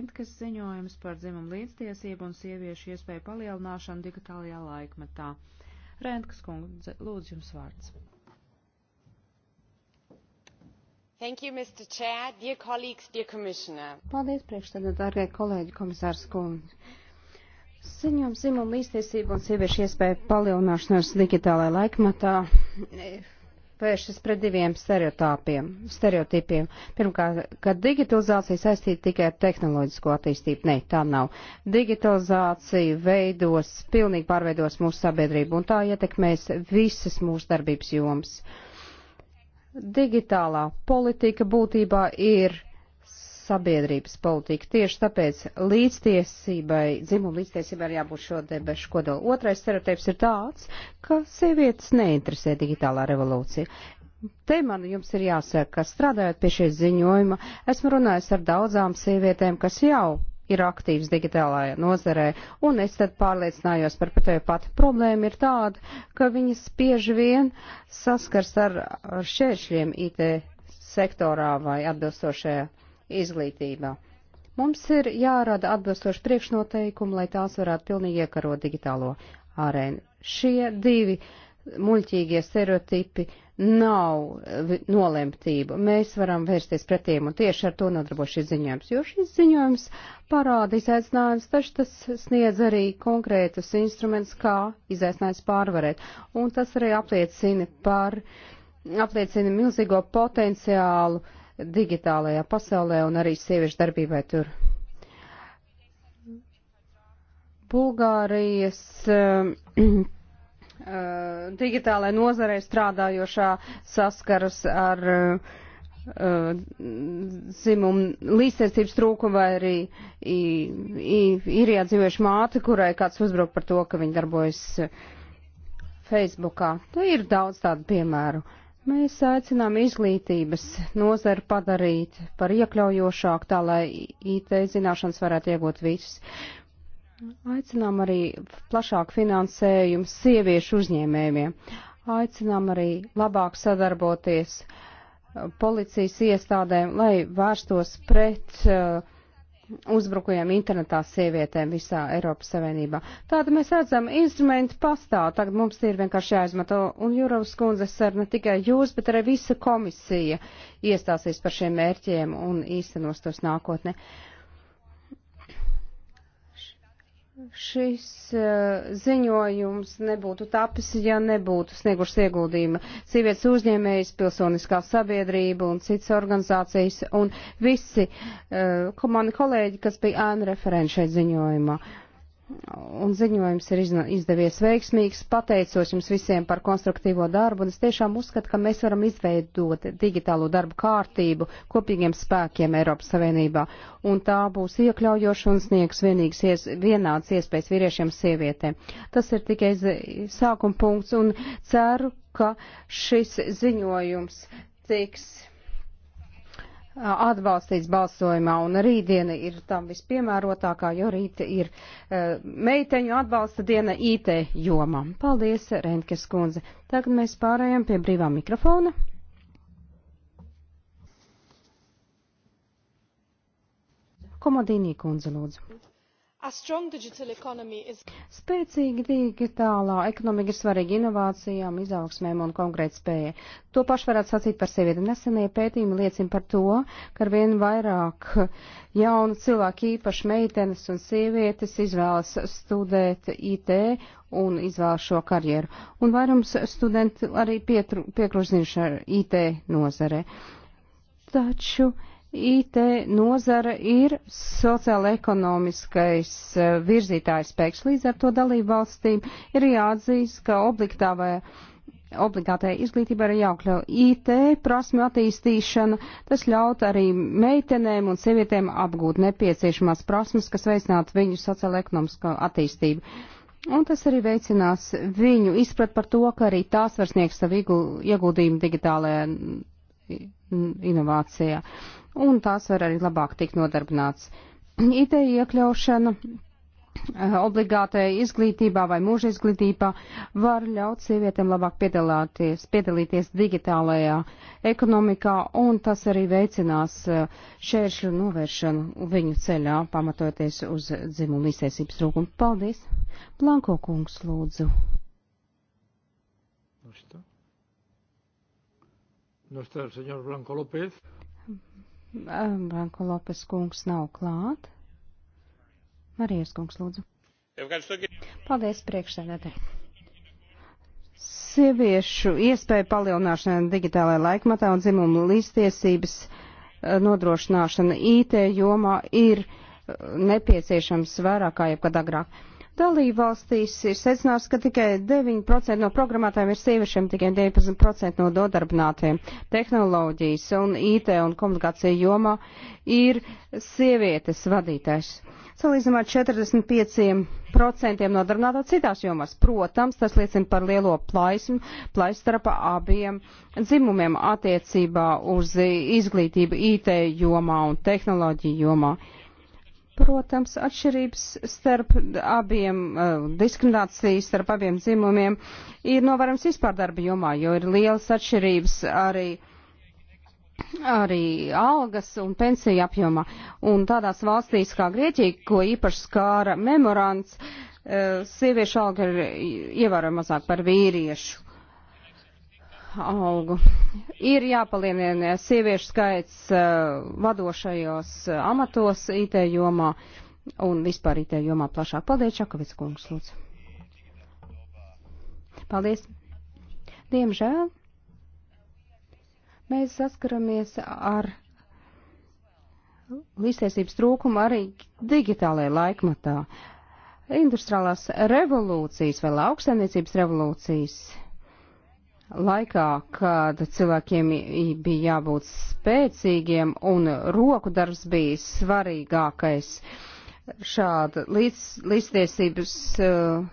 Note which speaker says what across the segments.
Speaker 1: Intkas ziņojums par dzimumu līdztiesību un sieviešu iespēju palielināšanu digitālajā laikmetā. Rēntkas kundze, lūdzu jums vārds.
Speaker 2: Thank you, Mr. Chair, dear colleagues, dear Commissioner.
Speaker 1: Paldies,
Speaker 3: priekšstādā, dārgie kolēģi, komisārs kundze. Ziņojums dzimumu līdztiesību un sieviešu iespēju palielināšanas digitālajā laikmetā vēršas pret diviem stereotipiem. Pirmkārt, ka digitalizācija saistīta tikai ar tehnoloģisko attīstību. Nē, tā nav. Digitalizācija veidos, pilnīgi pārveidos mūsu sabiedrību un tā ietekmēs visas mūsu darbības jomas. Digitālā politika būtībā ir sabiedrības politika. Tieši tāpēc līdztiesībai, dzimuma līdztiesībai ir jābūt šo debešu kodolu. Otrais stereotips ir tāds, ka sievietes neinteresē digitālā revolūcija. Te man jums ir jāsaka, ka strādājot pie šī ziņojuma, esmu runājis ar daudzām sievietēm, kas jau ir aktīvas digitālajā nozarē, un es tad pārliecinājos par tevi pati. Problēma ir tāda, ka viņas bieži vien saskars ar, ar šķēršļiem IT sektorā vai atbilstošajā izglītībā. Mums ir jārada atbilstoši priekšnoteikumi, lai tās varētu pilnīgi iekarot digitālo arēnu. Šie divi muļķīgie stereotipi nav nolemtība. Mēs varam vērsties pret tiem, un tieši ar to nodarbo šis ziņojums, jo šis ziņojums parāda izaicinājums, taču tas sniedz arī konkrētus instrumentus, kā izaicinājums pārvarēt, un tas arī apliecina par, apliecina milzīgo potenciālu uh, digitālajā pasaulē un arī sieviešu darbībai tur. Bulgārijas um, uh, digitālajā nozarē strādājošā saskaras ar uh, uh dzimumu līdzsvarotības trūkumu vai arī īrijā dzīvojuša māte, kurai kāds uzbruk par to, ka viņa darbojas Facebookā. Nu, ir daudz tādu piemēru. Uh, Mēs aicinām izglītības nozaru padarīt par iekļaujošāku, tā lai IT zināšanas varētu iegūt visus. Aicinām arī plašāku finansējumu sieviešu uzņēmējiem. Aicinām arī labāk sadarboties policijas iestādēm, lai vērstos pret uh, uzbrukujam internetā sievietēm visā Eiropas Savienībā. Tāda mēs redzam, instrumenti pastāv, tagad mums ir vienkārši jāizmanto, un Jūrovas kundze sar ne tikai jūs, bet arī visa komisija iestāsies par šiem mērķiem un īstenos tos nākotnē. Uh, šis uh, ziņojums nebūtu tapis, ja nebūtu sniegušas ieguldījuma sievietes uzņēmējas, pilsoniskā sabiedrība un citas organizācijas un visi uh, mani kolēģi, kas bija ēna referenti šeit ziņojumā. Uh, un ziņojums ir izdevies veiksmīgs. Pateicos jums visiem par konstruktīvo darbu, un es tiešām uzskatu, ka mēs varam izveidot digitālo darbu kārtību kopīgiem spēkiem Eiropas Savienībā, un tā būs iekļaujoša un sniegs vienīgs ies, vienāds iespējas vīriešiem sievietēm. Tas ir tikai sākuma punkts, un ceru, ka šis ziņojums tiks atbalstīts balsojumā, un rītdiena ir tam vispiemērotākā, jo rīt ir uh, meiteņu atbalsta diena IT jomā. Paldies, Renkes kundze. Tagad mēs pārējām pie brīvā mikrofona. Komodīnī kundze, lūdzu. Is... Spēcīga digitālā ekonomika ir svarīga inovācijām, izaugsmēm un konkrētspējai. To pašu varētu sacīt par sievietēm. Nesenie pētījumi liecina par to, ka arvien vairāk jaunu cilvēku, īpaši meitenes un sievietes, izvēlas studēt IT un izvēlas šo karjeru. Un vairums studenti arī piekrūzniši ar IT nozare. Taču IT nozara ir sociāla-ekonomiskais e, virzītājs spēks, līdz ar to dalību valstīm ir jāatzīst, ka obligātā obligātajā izglītībā ir jākļauj IT prasme attīstīšana, tas ļaut arī meitenēm un sievietēm apgūt nepieciešamās prasmes, kas veicinātu viņu sociālo-ekonomisko attīstību. Un tas arī veicinās viņu izprat par to, ka arī tās var sniegt savu ieguldījumu digitālajā inovācijā un tās var arī labāk tikt nodarbināts. Ideja iekļaušana eh, obligātajā izglītībā vai mūža izglītībā var ļaut sievietēm labāk piedalāties, piedalīties digitālajā ekonomikā, un tas arī veicinās eh, šēršļu novēršanu viņu ceļā, pamatoties uz dzimumu izsēsības trūkumu. Paldies! Blanko kungs, lūdzu!
Speaker 1: No está el señor Blanco López.
Speaker 3: Eh, Branko Lopes kungs nav klāt. Marijas kungs, lūdzu. Paldies, priekšsēdētāji sieviešu iespēju palielināšana digitālajā laikmatā un dzimumu līdztiesības eh, nodrošināšana IT jomā ir eh, nepieciešams vairāk kā jebkad agrāk dalībvalstīs ir secināts, ka tikai 9% no programmētājiem ir sieviešiem, tikai 19% no dodarbinātiem. Tehnoloģijas un IT un komunikācija jomā ir sievietes vadītājs. Salīdzinot 45% no darbinātā citās jomās. Protams, tas liecina par lielo plaismu, plaisu starp abiem dzimumiem attiecībā uz izglītību IT jomā un tehnoloģiju jomā. Uh, Protams, atšķirības starp abiem, diskriminācijas starp abiem dzimumiem ir novērams vispār darba jomā, jo ir lielas atšķirības arī arī algas un pensija apjomā. Un tādās valstīs kā Grieķija, ko īpaši skāra memorants, sieviešu alga ir ievērojami mazāk par vīriešu algu. Ir jāpalielina sieviešu skaits uh, vadošajos eh, amatos IT jomā un vispār IT jomā plašāk. Paldies, Čakovits kungs, lūdzu. Paldies. Diemžēl mēs saskaramies ar līdztiesības trūkumu arī digitālajā laikmatā. Industriālās revolūcijas vai lauksaimniecības revolūcijas Laikā, kad cilvēkiem bija jābūt spēcīgiem un roku darbs bija svarīgākais, šāda līdz, līdztiesības uh,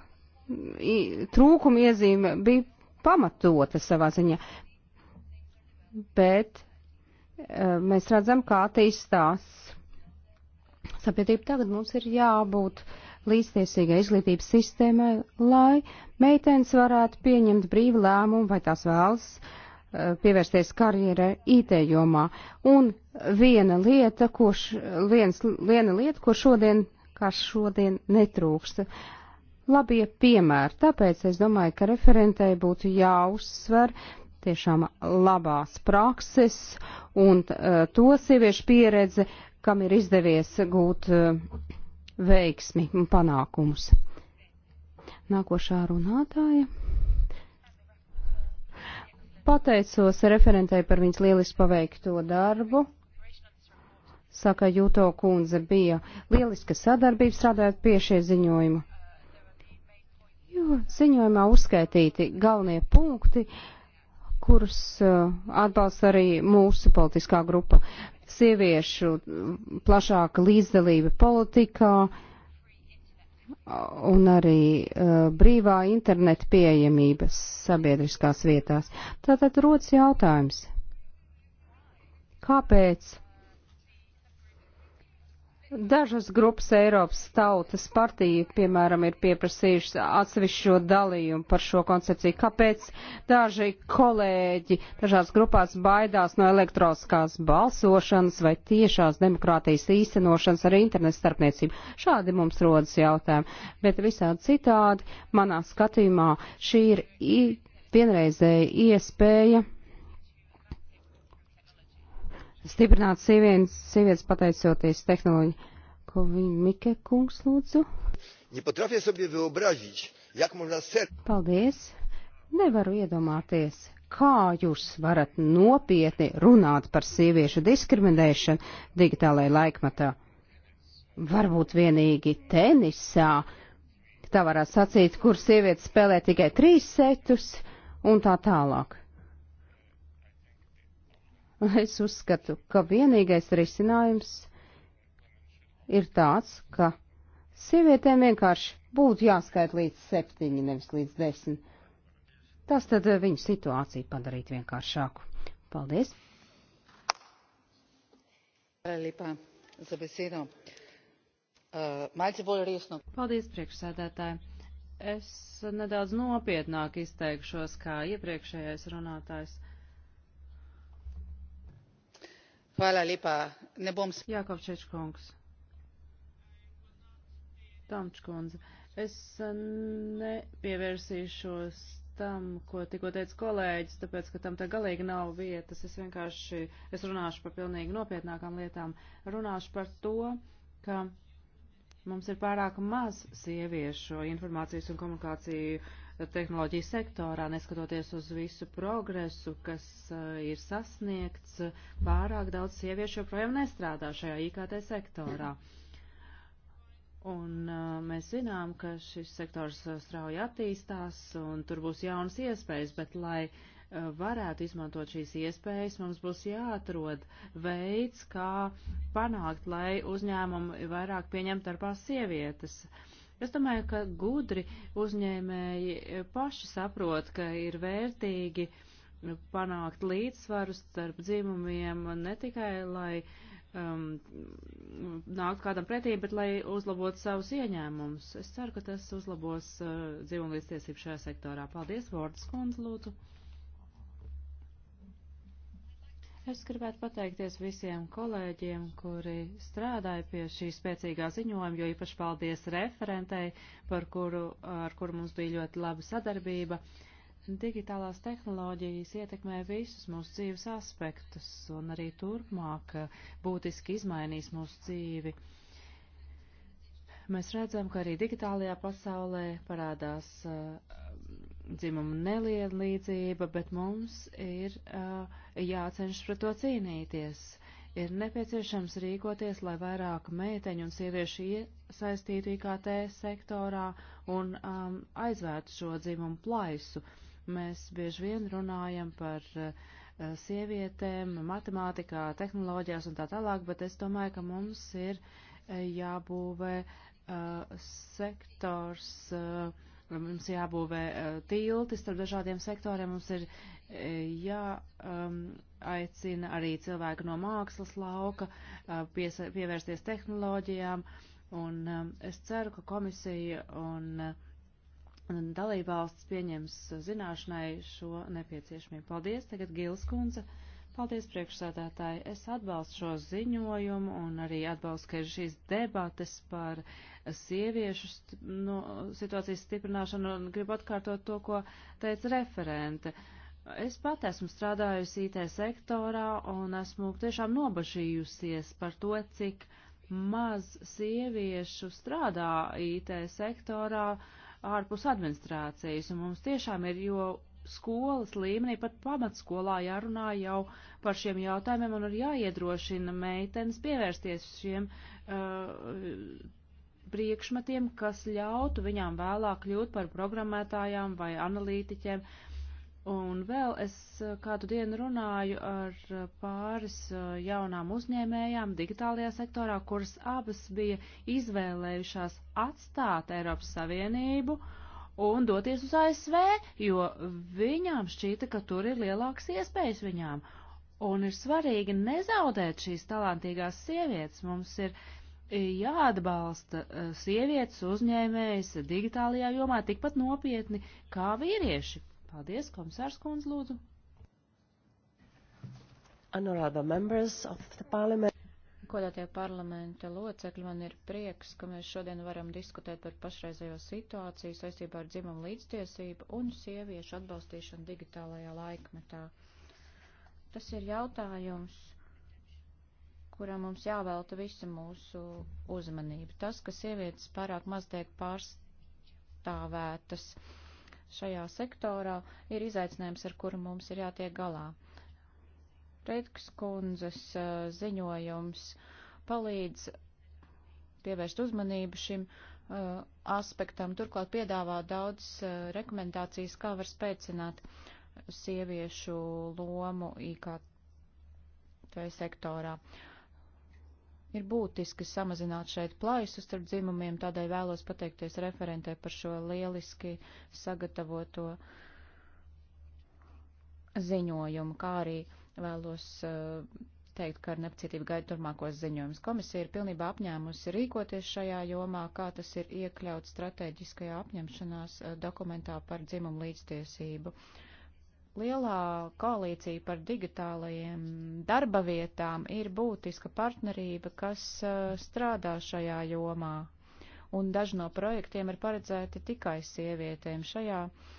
Speaker 3: trūkuma iezīme bija pamatota savā ziņā. Bet uh, mēs redzam, kā attīstās sabiedrību. Tagad mums ir jābūt līdztiesīgai izglītības sistēmai, lai meitenes varētu pieņemt brīvu lēmumu, vai tās vēlas eh, pievērsties karjerai IT jomā. Un viena lieta, ko, š, viens, viena lieta, ko šodien, kā šodien netrūksta, labie piemēri. Tāpēc es domāju, ka referentei būtu jāuzsver tiešām labās prakses un uh, to sieviešu pieredze, kam ir izdevies gūt eh, veiksmi un panākumus. Nākošā runātāja. Pateicos referentei par viņas lieliski paveikto darbu. Saka, Jūto kundze bija lieliska sadarbība strādājot pie šie ziņojuma. Jo ziņojumā uzskaitīti galvenie punkti, kurus uh, atbalsta arī mūsu politiskā grupa sieviešu plašāka līdzdalība politikā un arī uh, brīvā interneta pieejamības sabiedriskās vietās. Tātad rodas jautājums, kāpēc Dažas grupas Eiropas tautas partija, piemēram, ir pieprasījušas atsevišķo dalījumu par šo koncepciju. Kāpēc daži kolēģi dažās grupās baidās no elektroniskās balsošanas vai tiešās demokrātijas īstenošanas ar internetu starpniecību? Šādi mums rodas jautājumi. Bet visādi citādi, manā skatījumā, šī ir vienreizēja iespēja stiprināt sievietes, sievietes pateicoties tehnoloģiju. Ko viņa Mike kungs lūdzu? Paldies! Nevaru iedomāties, kā jūs varat nopietni runāt par sieviešu diskriminēšanu digitālajā laikmatā. Varbūt vienīgi tenisā. Tā varētu sacīt, kur sievietes spēlē tikai trīs setus un tā tālāk. Es uzskatu, ka vienīgais risinājums ir tāds, ka sievietēm vienkārši būtu jāskait līdz septiņi, nevis līdz desmit. Tas tad eh, viņu situāciju padarīt vienkāršāku. Paldies!
Speaker 1: Eh, Paldies, priekšsēdētāji! Es nedaudz nopietnāk izteikšos kā iepriekšējais runātājs. Uh, Ne bom... Jākovčič kungs. Tomč kundze. Es nepievērsīšos tam, ko tikko teica kolēģis, tāpēc, ka tam te galīgi nav vietas. Es vienkārši, es runāšu par pilnīgi nopietnākām lietām. Runāšu par to, ka mums ir pārāk maz sieviešu informācijas un komunikāciju uh, tehnoloģiju sektorā, neskatoties uz visu progresu, kas eh, ir sasniegts, pārāk daudz sieviešu joprojām nestrādā šajā IKT sektorā. Un eh, mēs zinām, ka šis sektors eh, strauji attīstās un tur būs jaunas iespējas, bet lai varētu izmantot šīs iespējas, mums būs jāatrod veids, kā panākt, lai uzņēmumi vairāk pieņemtu darbā sievietes. Uh, Es domāju, ka gudri uzņēmēji paši saprot, ka ir vērtīgi panākt līdzsvaru starp dzimumiem ne tikai, lai um, nāktu kādam pretī, bet lai uzlabotu savus ieņēmumus. Es ceru, ka tas uzlabos uh, dzimumlīdztiesību šajā sektorā. Paldies, Vordas kundze, lūdzu. Es gribētu pateikties visiem kolēģiem, kuri strādāja pie šī spēcīgā ziņojuma, jo īpaši paldies referentei, par kuru, ar kuru mums bija ļoti laba sadarbība. Digitālās tehnoloģijas ietekmē visus mūsu dzīves aspektus un arī turpmāk būtiski izmainīs mūsu dzīvi. Mēs redzam, ka arī digitālajā pasaulē parādās uh, dzimumu nelielīdzība, bet mums ir uh, jācenšas pret to cīnīties. Ir nepieciešams rīkoties, lai vairāk meiteņu un sieviešu iesaistītu IKT sektorā un um, aizvērtu šo dzimumu plaisu. Mēs bieži vien runājam par uh, sievietēm, matemātikā, tehnoloģijās un tā tālāk, bet es domāju, ka mums ir uh, jābūvē uh, sektors. Uh, mums jābūvē e, tilti starp dažādiem sektoriem, mums ir e, jāaicina um, arī cilvēki no mākslas lauka e, piesa, pievērsties tehnoloģijām, un um, es ceru, ka komisija un dalībvalsts pieņems zināšanai šo nepieciešamību. Paldies, tagad Gils Kunze. Uh, Paldies, priekšsādātāji. Es atbalstu šo ziņojumu un arī atbalstu, ka ir šīs debates par sieviešu st no, nu, situācijas stiprināšanu un gribu atkārtot to, ko teica referente. Es pat esmu strādājusi IT sektorā un esmu tiešām nobažījusies par to, cik maz sieviešu strādā IT sektorā ārpus administrācijas, un mums tiešām ir jo skolas līmenī, pat pamatskolā jārunā jau par šiem jautājumiem un ir jāiedrošina meitenes pievērsties šiem uh, priekšmetiem, kas ļautu viņām vēlāk kļūt par programmētājām vai analītiķiem. Un vēl es uh, kādu dienu runāju ar uh, pāris uh, jaunām uzņēmējām digitālajā sektorā, kuras abas bija izvēlējušās atstāt Eiropas Savienību uh, un doties uz ASV, jo viņām šķita, ka tur ir lielākas iespējas viņām. Un ir svarīgi nezaudēt šīs talantīgās sievietes. Mums ir e, jāatbalsta e, sievietes uzņēmējas digitālajā jomā tikpat nopietni kā vīrieši. Paldies, komisārs Kunz, lūdzu. Honorable members of the parliament.
Speaker 2: Godātie parlamenta locekļi, man ir prieks, ka mēs šodien varam diskutēt par pašreizējo situāciju saistībā ar dzimumu līdztiesību un sieviešu atbalstīšanu digitālajā laikmetā. Tas ir jautājums, kuram mums jāvelta visa mūsu uzmanība. Tas, ka sievietes pārāk maz tiek pārstāvētas šajā sektorā, ir izaicinājums, ar kuru mums ir jātiek galā. Reitkas kundzes ziņojums palīdz pievērst uzmanību šim uh, aspektam. Turklāt piedāvā daudz uh, rekomendācijas, kā var spēcināt sieviešu lomu IKT sektorā. Ir būtiski samazināt šeit plaisu starp dzimumiem, tādēļ vēlos pateikties referentē par šo lieliski sagatavoto ziņojumu, kā arī uh, Vēlos uh, teikt, ka ar nepacietību gaidu turmākos ziņojumus. Komisija ir pilnībā apņēmusi rīkoties šajā jomā, kā tas ir iekļauts strateģiskajā apņemšanās uh, dokumentā par dzimumu līdztiesību. Lielā koalīcija par digitālajiem darba vietām ir būtiska partnerība, kas uh, strādā šajā jomā, un daži no projektiem ir paredzēti tikai sievietēm. Šajā uh,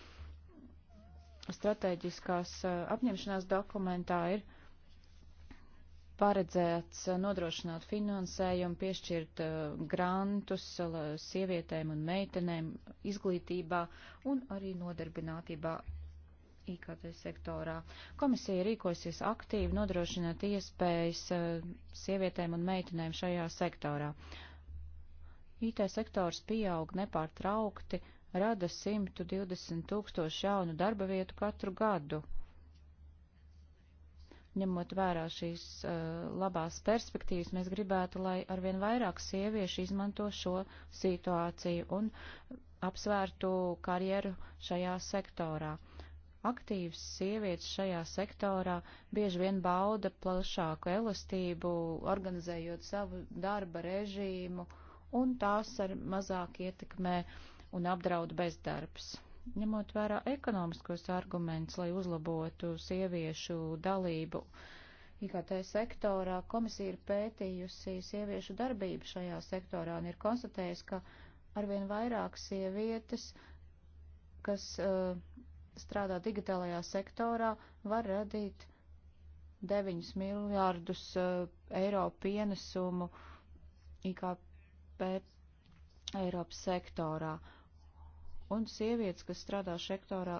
Speaker 2: stratēģiskās eh, apņemšanās dokumentā ir paredzēts eh, nodrošināt finansējumu, piešķirt eh, grantus sievietēm un meitenēm izglītībā un arī nodarbinātībā IKT sektorā. Komisija rīkosies aktīvi nodrošināt iespējas sievietēm un meitenēm šajā sektorā. IT sektors pieaug nepārtraukti rada 120 tūkstoši jaunu darba vietu katru gadu. Ņemot vērā šīs uh, labās perspektīvas, mēs gribētu, lai arvien vairāk sieviešu izmanto šo situāciju un apsvērtu karjeru šajā sektorā. Aktīvas sievietes šajā sektorā bieži vien bauda plašāku elastību, organizējot savu darba režīmu, un tās ar mazāk ietekmē uh, un apdraud bezdarbs. Ņemot vērā ekonomiskos argumentus, lai uzlabotu sieviešu dalību IKT sektorā, komisija ir pētījusi sieviešu darbību šajā sektorā un ir konstatējusi, ka arvien vairāk sievietes, kas uh, strādā digitālajā sektorā, var radīt 9 miljārdus uh, eiro pienesumu IKP Eiropas sektorā. Uh, un sievietes, kas strādā sektorā,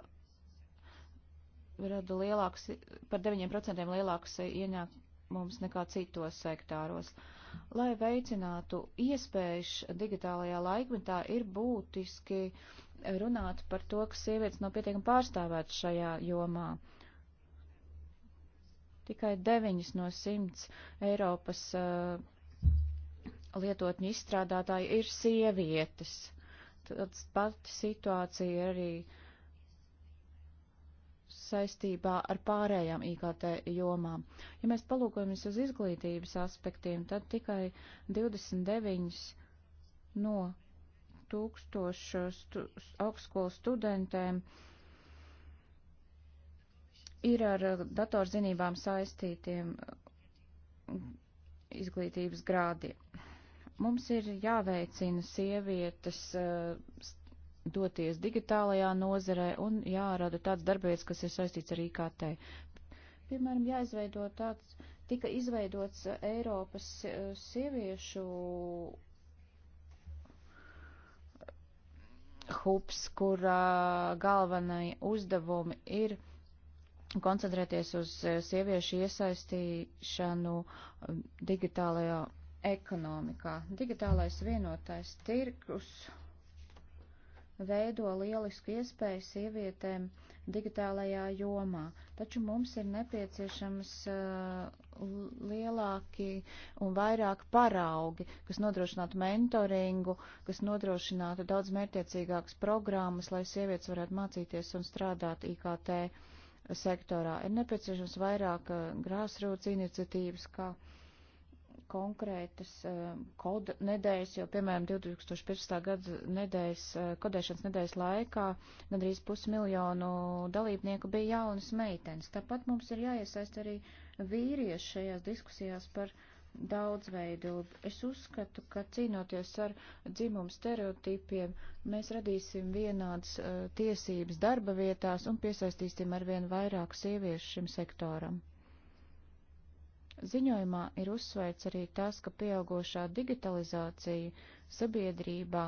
Speaker 2: rada lielāks, par 9% lielāks ienākums nekā citos sektāros. Lai veicinātu iespējas digitālajā laikmetā, ir būtiski runāt par to, ka sievietes nav no pietiekami pārstāvētas šajā jomā. Tikai 9 no 100 Eiropas uh, lietotņu izstrādātāji ir sievietes tāds pati situācija arī saistībā ar pārējām IKT jomām. Ja mēs palūkojamies uz izglītības aspektiem, tad tikai 29 no tūkstošu stu, augstskolu studentēm ir ar uh, datorzinībām saistītiem uh, izglītības grādiem. Mums ir jāveicina sievietes eh, doties digitālajā nozarē un jārada tāds darbības, kas ir saistīts ar IKT. Piemēram, jāizveido tāds, tika izveidots eh, Eiropas eh, sieviešu hubs, kur galvenai uzdevumi ir koncentrēties uz sieviešu iesaistīšanu digitālajā ekonomikā. Digitālais vienotais tirkus veido lielisku iespēju sievietēm digitālajā jomā, taču mums ir nepieciešams uh, lielāki un vairāk paraugi, kas nodrošinātu mentoringu, kas nodrošinātu daudz mērķiecīgākas programmas, lai sievietes varētu mācīties un strādāt IKT sektorā. Ir nepieciešams vairāk uh, grāsrūts iniciatīvas, kā uh, konkrētas eh, koda nedēļas, jo, piemēram, 2015. gada nedēļas, eh, kodēšanas nedēļas laikā gandrīz pusmiljonu dalībnieku bija jaunas meitenes. Tāpat mums ir jāiesaist arī vīrieši šajās diskusijās par daudzveidu. Es uzskatu, ka cīnoties ar dzimumu stereotipiem, mēs radīsim vienādas uh, tiesības darba vietās un piesaistīsim arvien vairāk sieviešu šim sektoram. Ziņojumā ir uzsvērts arī tas, ka pieaugošā digitalizācija sabiedrībā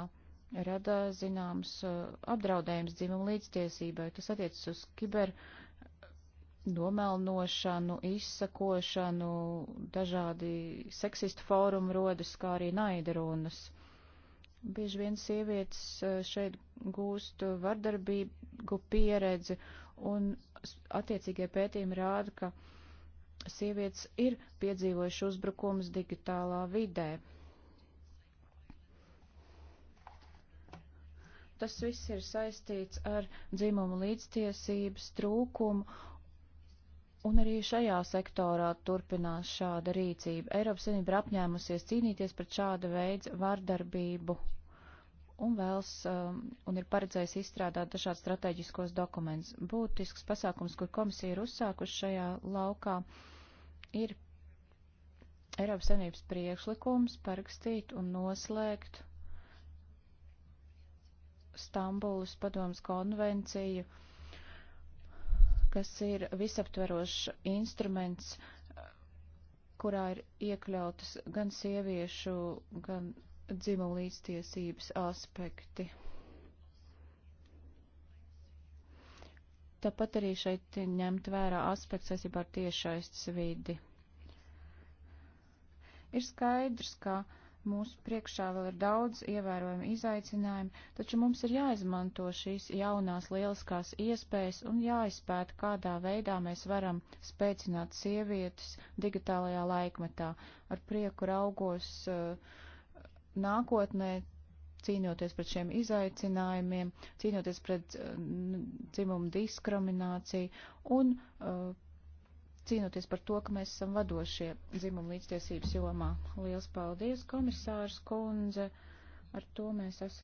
Speaker 2: rada zināms uh, apdraudējums dzimumu līdztiesībai. Tas attiecas uz kiber nomelnošanu, izsakošanu, dažādi seksistu fórumi rodas, kā arī naida runas. Bieži vien sievietes uh, šeit gūst vardarbīgu pieredzi, un attiecīgie pētījumi rāda, ka sievietes ir piedzīvojuši uzbrukumus digitālā vidē. Tas viss ir saistīts ar dzimumu līdztiesības trūkumu, un arī šajā sektorā turpinās šāda rīcība. Eiropas Savienība ir apņēmusies cīnīties pret šāda veida vardarbību un vēlas um, un ir paredzējis izstrādāt dažādas strateģiskos dokumentus. Būtisks pasākums, kur komisija ir uzsākuši šajā laukā, uh, ir Eiropas Savienības priekšlikums parakstīt un noslēgt Stambulas padomas konvenciju, kas ir visaptverošs instruments, kurā ir iekļautas gan sieviešu, gan dzimumu līdztiesības aspekti. Tāpat arī šeit ņemt vērā aspekts saistībā ar tiešaistas vidi. Ir skaidrs, ka mūsu priekšā vēl ir daudz ievērojumu izaicinājumu, taču mums ir jāizmanto šīs jaunās lieliskās iespējas un jāizpēta, kādā veidā mēs varam spēcināt sievietes digitālajā laikmetā. Ar prieku raugos uh, nākotnē cīnoties pret šiem izaicinājumiem, cīnoties pret eh, dzimumu diskrimināciju un eh, cīnoties par to, ka mēs esam vadošie dzimumu līdztiesības jomā. Liels paldies, komisārs Kunze! Ar to mēs esam.